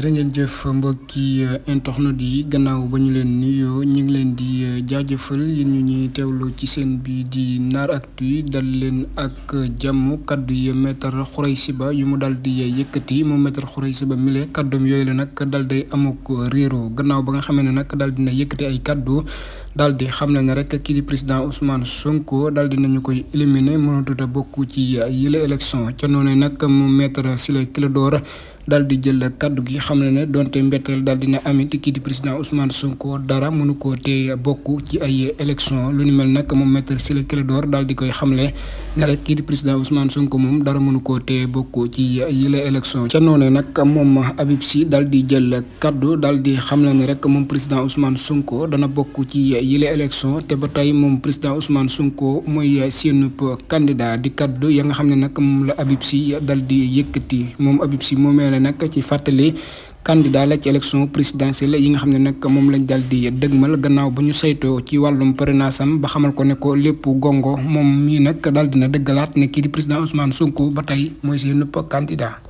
jërë ngeen jëf mbokki euh, internet yi gannaaw ba ñu leen nuyoo ñu ngi leen di euh, jaajëfal yéen ñu ñuy teewloo ci seen bi di Nar Actu dal leen ak euh, jàmm kaddu yi maître Khoureychi Ba yu mu dal di yëkkati moom maître Khoureychi Ba mile kàddoom yooyu la nag dal day amuk réeroo gannaaw ba nga xamee ne nag dal dina yëkkati ay kaddu dal di xam ne ne rek kii di président Ousmane Sonko dal dinañu koy éliminer mënatut bokk ci yële élection ca noonu nag mu maître Ciré Clédor daal di jël kaddu gi xam ne ne donte mbetteel daal dina amit kii di président Ousmane Sonko dara mënu koo tee bokk ci ay élection lu ni mel nag moom maître Ciré Clédor daal di koy xamle ne rek kii di président Ousmane Sonko moom dara mënu koo tee bokk ci yile élection ca nag moom Habib Sy daal di jël kaddu daal di xamle ne rek moom président Ousmane Sonko dana bokk ci yile élection te ba tey moom président Ousmane Sonko mooy seen candidat di kaddu ya nga xam ne nag moom la Habib Sy daal yëkkati moom Habib Sy moomee nag ci fàttali candidat la ci élection présidentielle yi nga xam ne nag moom lañ daal dëgg dëgmal gannaaw ba ñu saytoo ci wàllum parrainage am ba xamal ko ne ko lépp gongo moom mii nag daal dina dëggalaat ne kii di président Ousmane Sonko ba tey mooy seen candidat.